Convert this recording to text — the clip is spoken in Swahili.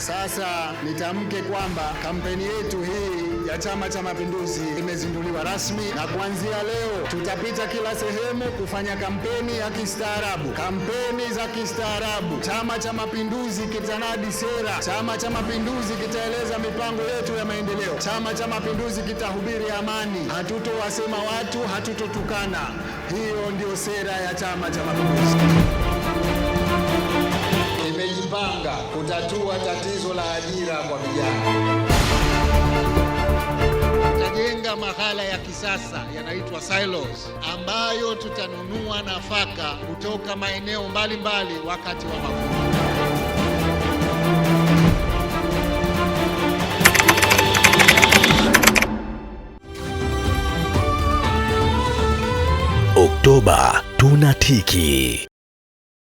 Sasa nitamke kwamba kampeni yetu hii ya Chama cha Mapinduzi imezinduliwa rasmi, na kuanzia leo tutapita kila sehemu kufanya kampeni ya kistaarabu, kampeni za kistaarabu. Chama cha Mapinduzi kitanadi sera, Chama cha Mapinduzi kitaeleza mipango yetu ya maendeleo, Chama cha Mapinduzi kitahubiri amani, hatutowasema watu, hatutotukana. Hiyo ndio sera ya Chama cha Mapinduzi. kutatua tatizo la ajira kwa vijana. Tutajenga maghala ya kisasa yanaitwa silos, ambayo tutanunua nafaka kutoka maeneo mbalimbali wakati wa mavuno. Oktoba tunatiki.